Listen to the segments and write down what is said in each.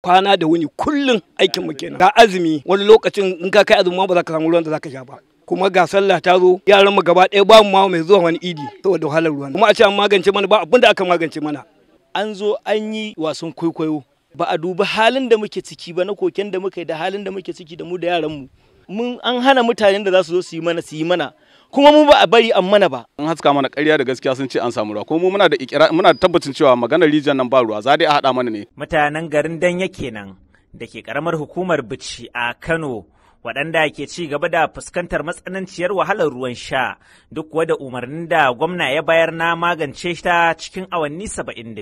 kwana da wuni kullum aikin mu kenan ga azumi wani lokacin in ka kai azumi ba za ka samu ruwan da za ka sha ba kuma ga sallah ta zo yaran mu gaba ɗaya ba mu ma mai zuwa wani idi saboda wahalar ruwan kuma a ce an magance mana ba abin da aka magance mana an zo an yi wasan kwaikwayo ba a dubi halin da muke ciki ba na koken da muke da halin da muke ciki da mu da yaran mu mun an hana mutanen da za su zo su yi mana su yi mana kuma mu ba a bari an mana ba an haska mana ƙarya da gaskiya sun ce an samu ruwa kuma mu muna da ikira muna da tabbacin cewa maganar rijiyar nan ba ruwa za dai a haɗa mana ne mutanen garin danya kenan da ke karamar hukumar bici a Kano waɗanda ke ci gaba da fuskantar matsananciyar wahalar ruwan sha duk kuwa umarnin da gwamna ya bayar na magance ta cikin awanni saba'in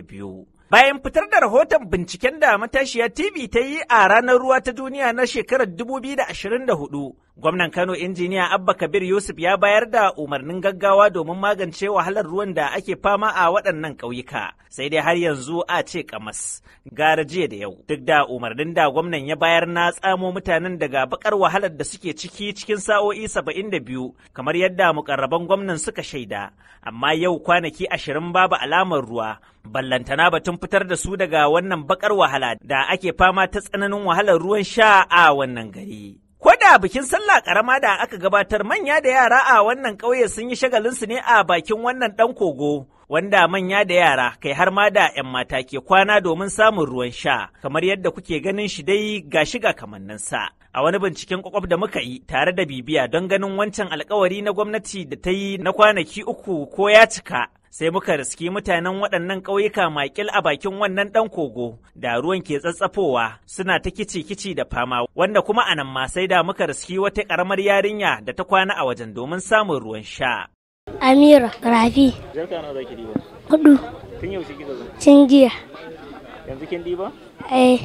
Bayan fitar da rahoton binciken da matashiya TV ta yi a ranar ruwa ta duniya na shekarar 2024 Gwamnan Kano injiniya Abba Kabir Yusuf ya bayar da umarnin gaggawa domin magance wahalar ruwan da ake fama a waɗannan ƙauyuka, sai dai har yanzu a ce kamas, gara jiya da yau. Duk da umarnin da gwamnan ya bayar na tsamo mutanen daga bakar wahalar da suke ciki cikin sa'o'i saba'in da biyu, kamar yadda mukarraban gwamnan suka shaida, amma yau kwanaki ashirin babu alamar ruwa, ballantana batun fitar da su daga wannan bakar wahala da ake fama ta tsananin wahalar ruwan sha a wannan gari. Ko da bikin sallah karama da aka gabatar manya da yara a wannan ƙauye sun yi shagalinsu ne a bakin wannan ɗan kogo. Wanda manya da yara kai har ma da 'yan mata ke kwana domin samun ruwan sha, kamar yadda kuke ganin shi dai ga shiga kamanninsa. a wani binciken kwakwaf da muka yi tare da bibiya don ganin wancan alkawari na gwamnati da ta yi na kwanaki uku ko ya cika sai muka riski mutanen waɗannan ƙauyuka makil a bakin wannan ɗan kogo da ruwan ke tsatsafowa suna ta kici-kici da fama wanda kuma a nan ma sai da muka riski wata ƙaramar yarinya da ta kwana a wajen domin samun ruwan sha. Amira, Rafi. Hudu. Tun yau shi Tun jiya. Yanzu kin diba? Eh.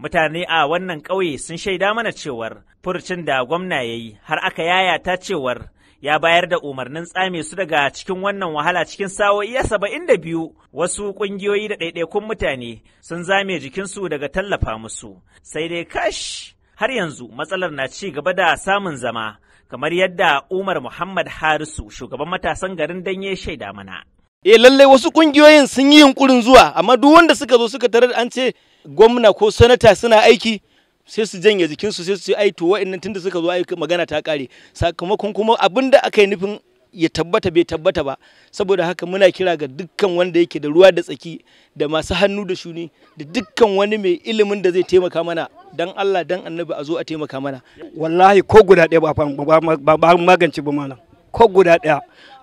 Mutane a wannan ƙauye sun shaida mana cewar furcin da gwamna ya yi har aka yayata cewar ya bayar da umarnin tsame su daga cikin wannan wahala cikin sa'o'i saba'in da biyu wasu ƙungiyoyi da ɗaiɗaikun mutane sun zame jikinsu daga tallafa musu sai dai kash har yanzu matsalar na ci gaba da samun zama kamar yadda umar muhammad harisu shugaban matasan garin danye shaida mana e lallai wasu kungiyoyin sun yi yunkurin zuwa amma duk wanda suka zo suka tarar an ce gwamna ko sanata suna aiki sai su janye su sai su ai to wa'annan tunda suka zo ai magana ta kare sakamakon kuma abinda aka yi nufin ya tabbata bai tabbata ba saboda haka muna kira ga dukkan wanda yake da ruwa da tsaki da masu hannu da shuni da dukkan wani mai ilimin da zai taimaka mana dan Allah dan annabi a zo a taimaka mana wallahi ko guda ɗaya ba ba magance ba mana ko guda ɗaya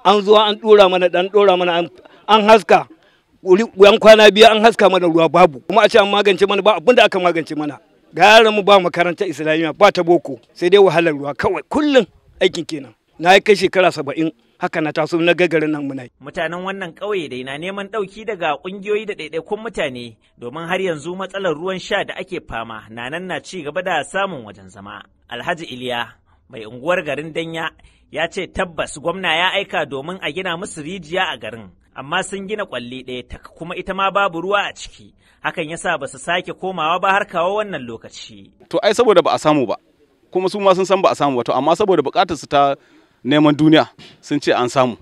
an zo an dora mana dan dora mana an haska yan kwana biyu an haska mana ruwa babu kuma a ce an magance mana ba abinda aka magance mana gara mu ba makarantar islamiyya ba ta boko sai dai wahalar ruwa kawai kullum aikin kenan na yi kai shekara saba'in haka na taso na gagarin nan muna mutanen wannan ƙauye dai na neman ɗauki daga ƙungiyoyi da ɗaiɗaikun mutane domin har yanzu matsalar ruwan sha da ake fama na nan na ci gaba da samun wajen zama alhaji iliya mai unguwar garin danya ya ce tabbas gwamna ya aika domin a gina musu rijiya a garin amma sun gina kwalli ɗaya ta kuma ita ma babu ruwa a ciki hakan yasa ba su sake komawa ba har kawo wannan lokaci. To ai saboda ba a samu ba kuma su ma sun san ba a samu ba to amma saboda buƙatar su ta neman duniya sun ce an samu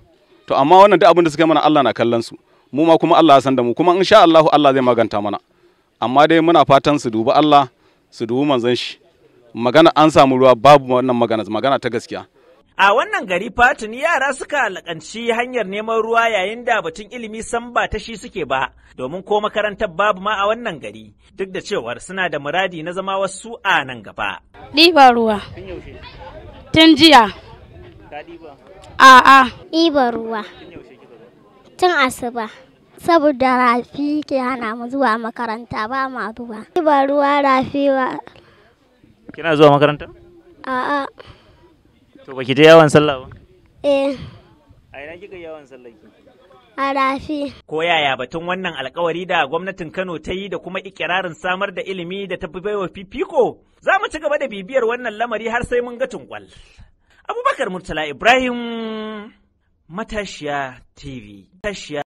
to amma wannan duk abin da suka mana Allah na kallon su mu ma kuma Allah ya san da mu kuma insha Allah Allah zai maganta mana amma dai muna fatan su dubi Allah su dubi manzon shi magana an samu ruwa babu wannan magana magana ta gaskiya A wannan gari Fatun yara suka lakanci hanyar neman ruwa yayin da batun ilimi san ba ta shi suke ba, domin ko makarantar babu ma a wannan gari, duk da cewar suna da muradi na zama wasu a nan gaba. Ɗiba ruwa. Tun jiya. A'a. Ɗiba ruwa. Tun asuba. Saboda rafi ke hana mu zuwa makaranta ba ma zuwa. Ɗiba ruwa rafi Kina zuwa makaranta? A'a. To baki je yawon sallah ba? Eh. A ina kika yawon sallah ki? A rafi. Ko yaya batun wannan alkawari da gwamnatin Kano ta yi da kuma ikirarin samar da ilimi da tafi baiwa fifiko? Za mu ci gaba da bibiyar wannan lamari har sai mun ga tunkwal. Abubakar Murtala Ibrahim Matashiya TV. Matashiya